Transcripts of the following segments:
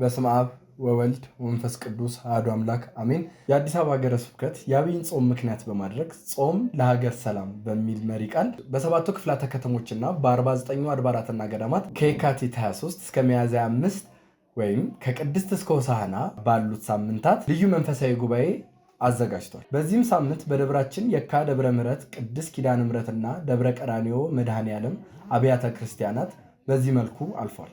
በስመ አብ ወወልድ ወመንፈስ ቅዱስ አሐዱ አምላክ አሜን። የአዲስ አበባ ሀገረ ስብከት የአብይን ጾም ምክንያት በማድረግ ጾም ለሀገር ሰላም በሚል መሪ ቃል በሰባቱ ክፍላተ ከተሞችና በ49 አድባራትና ገዳማት ከየካቲት 23 እስከ ሚያዝያ 5 ወይም ከቅድስት እስከ ሆሳዕና ባሉት ሳምንታት ልዩ መንፈሳዊ ጉባኤ አዘጋጅቷል። በዚህም ሳምንት በደብራችን የካ ደብረ ምሕረት ቅድስት ኪዳነ ምሕረትና ደብረ ቀራንዮ መድኃኔ ዓለም አብያተ ክርስቲያናት በዚህ መልኩ አልፏል።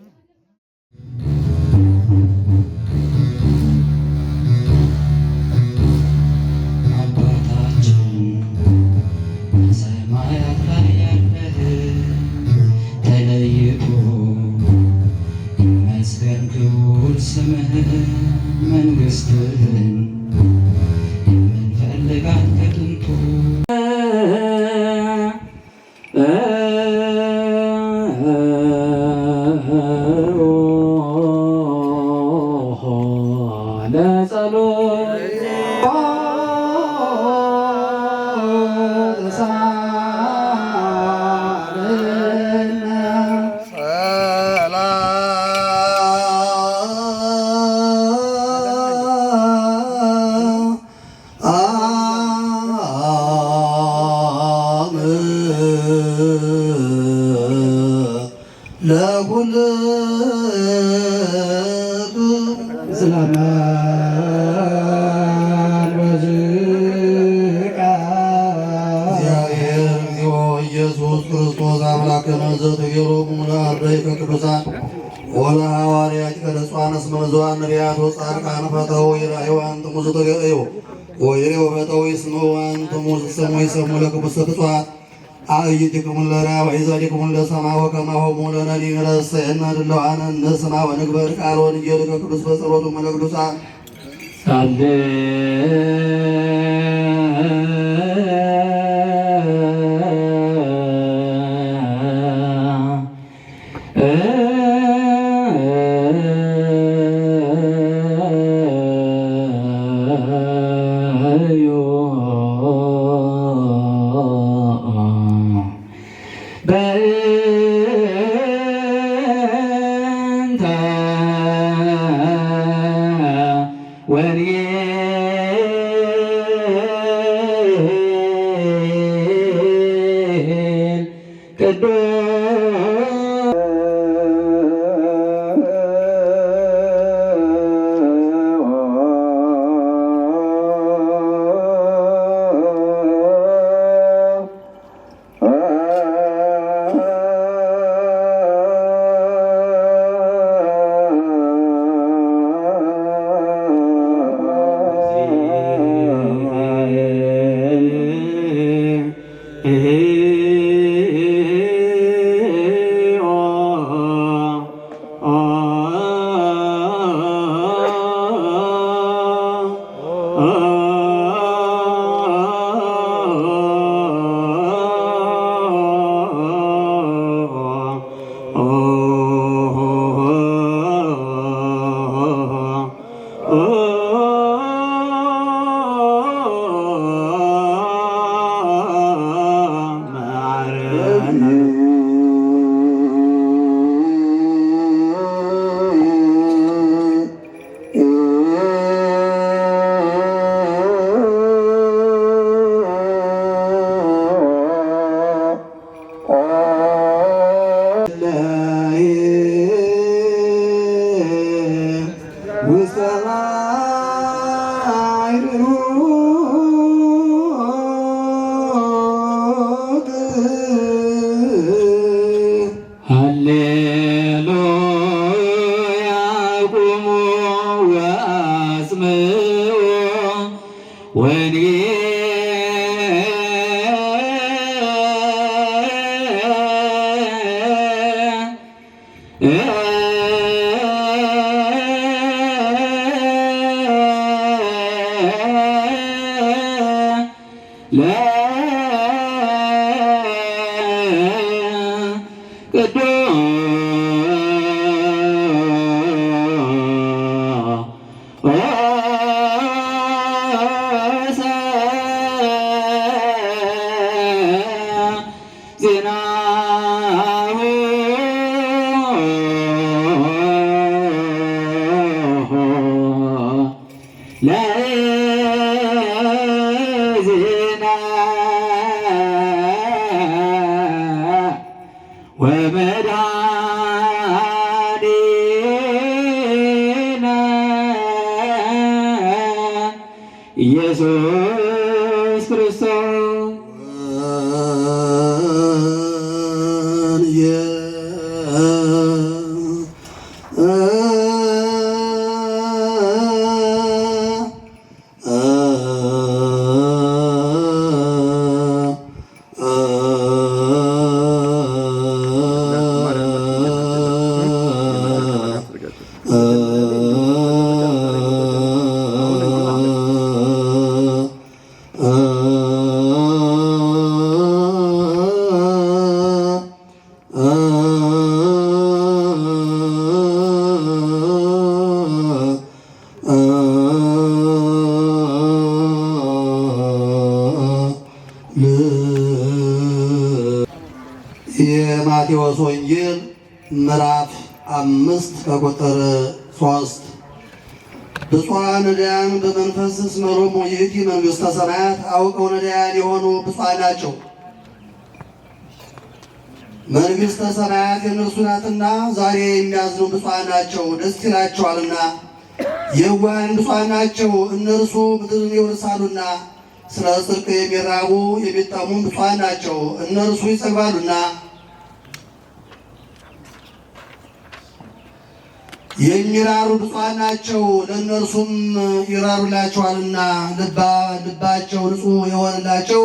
ስምህ መንግሥትህ ኢየሱስ ክርስቶስ አምላከ መንዘቱ የሮሙ ወፈተው ይስሙ አንትሙ ስሙ ይሰሙ ለክቡሰ ተጽዋት አእይቲክሙ ለራብ ወኢዛዲክሙ ለሰማ ወከማሁ ሙለነኒ ረሰየና ድለዋነ እንስማ ወንግበር ቃለ ወንጌል ቅዱስ በጸሎቱ መለቅዱሳ ሳሌ አንተ لا ወመድኃኒነ ኢየሱስ የማቴዎስ ወንጌል ምዕራፍ አምስት ከቁጥር ሶስት ብፁዓን ነዳያን በመንፈስ እስመሮሙ ይእቲ መንግሥተ ሰማያት አውቀው ነዳያን የሆኑ ብፁዓን ናቸው፣ መንግሥተ ሰማያት የእነርሱ ናትና። ዛሬ የሚያዝኑ ብፁዓን ናቸው፣ ደስ ይላቸዋልና። የዋሃን ብፁዓን ናቸው፣ እነርሱ ምድርን ይወርሳሉና። ስለ ጽድቅ የሚራቡ የሚጠሙም ብፁዓን ናቸው፣ እነርሱ ይጸግባሉና። የሚራሩ ብፁዓን ናቸው ለእነርሱም ይራሩላቸዋልና ልባቸው ንጹሕ የሆነላቸው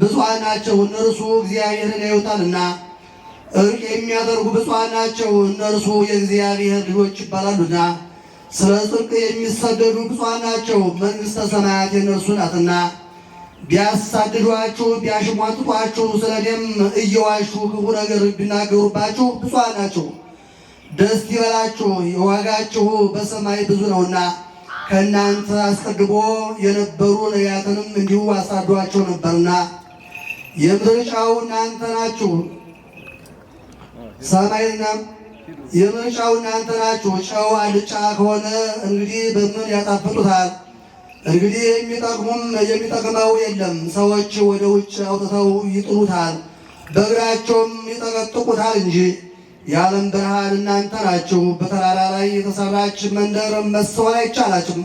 ብፁዓን ናቸው እነርሱ እግዚአብሔርን ያዩታልና። እርቅ የሚያደርጉ ብፁዓን ናቸው እነርሱ የእግዚአብሔር ልጆች ይባላሉና። ስለ ጽድቅ የሚሰደዱ ብፁዓን ናቸው መንግሥተ ሰማያት የእነርሱ ናትና። ቢያሳድዷችሁ ቢያሽሟጥጧችሁ፣ ስለ ደም እየዋሹ ክፉ ነገር ቢናገሩባችሁ ብፁዓን ናቸው ደስ ይበላችሁ፣ ዋጋችሁ በሰማይ ብዙ ነውና ከእናንተ አስቀድሞ የነበሩ ነቢያትንም እንዲሁ አሳዷቸው ነበርና የምድር እናንተ ናችሁ። ሰማይና የምድር እናንተ ናችሁ። ጨው አልጫ ከሆነ እንግዲህ በምን ያጣፍጡታል? እንግዲህ የሚጠቅሙም የሚጠቅመው የለም። ሰዎች ወደ ውጭ አውጥተው ይጥሉታል፣ በእግራቸውም ይጠቀጥቁታል እንጂ የዓለም ብርሃን እናንተ ናችሁ። በተራራ ላይ የተሰራች መንደር መስተዋል አይቻላችሁም።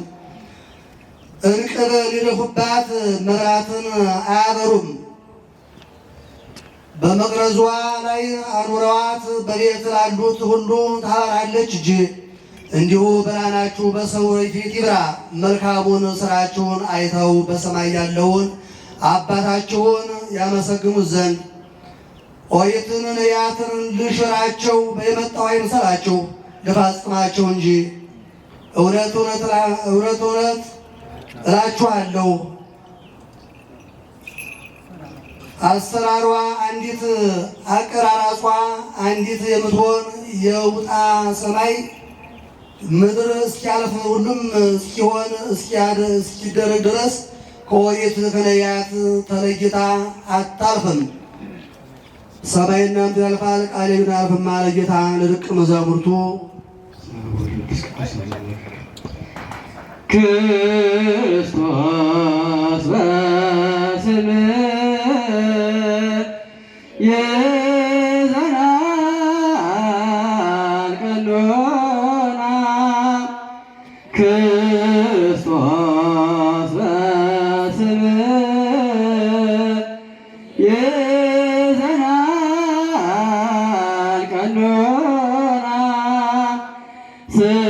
እንቅብ ሊደፉባት መብራትን አያበሩም። በመቅረዟ ላይ አኑረዋት በቤት ላሉት ሁሉ ታበራለች እጅ እንዲሁ ብርሃናችሁ በሰው ፊት ይብራ፣ መልካሙን ስራችሁን አይተው በሰማይ ያለውን አባታችሁን ያመሰግኑት ዘንድ ኦሪትን ያትርን ልሽራቸው የመጣሁ አይምሰላቸው ልፈጽማቸው እንጂ። እውነት እውነት እላችኋለሁ አሰራሯ አንዲት አቀራራጿ አንዲት የምትሆን የውጣ ሰማይ ምድር እስኪያልፍ ሁሉም እስኪሆን እስኪደረግ ድረስ ከኦሪት ከነቢያት ተለይታ አታልፍም። ሰማይና ምድር ያልፋል፣ ቃሌ ግን አያልፍም አለ ጌታ ለደቀ መዛሙርቱ። ክርስቶስ በስምህ See? Hmm.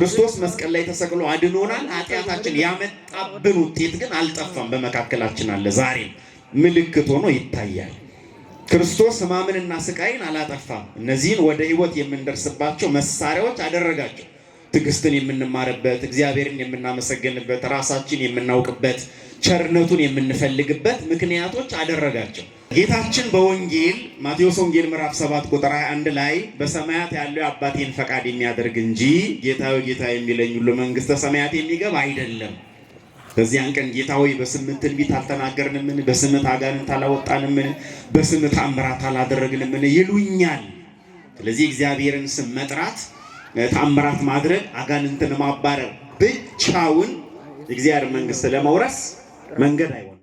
ክርስቶስ መስቀል ላይ ተሰቅሎ አድኖናል። ኃጢአታችን ያመጣብን ውጤት ግን አልጠፋም፣ በመካከላችን አለ። ዛሬም ምልክት ሆኖ ይታያል። ክርስቶስ ሕማምንና ስቃይን አላጠፋም። እነዚህን ወደ ሕይወት የምንደርስባቸው መሳሪያዎች አደረጋቸው። ትዕግስትን የምንማርበት፣ እግዚአብሔርን የምናመሰግንበት፣ ራሳችን የምናውቅበት፣ ቸርነቱን የምንፈልግበት ምክንያቶች አደረጋቸው። ጌታችን በወንጌል ማቴዎስ ወንጌል ምዕራፍ 7 ቁጥር 21 ላይ በሰማያት ያለው አባቴን ፈቃድ የሚያደርግ እንጂ ጌታ ሆይ ጌታ የሚለኝ ሁሉ መንግስተ ሰማያት የሚገባ አይደለም። በዚያን ቀን ጌታ ሆይ በስምህ ትንቢት አልተናገርንምን? በስምህ አጋንንት አላወጣንምን? በስምህ ተአምራት አላደረግንምን? ይሉኛል። ስለዚህ እግዚአብሔርን ስም መጥራት፣ ተአምራት ማድረግ፣ አጋንንትን ማባረር ብቻውን እግዚአብሔር መንግሥት ለመውረስ መንገድ አይሆንም።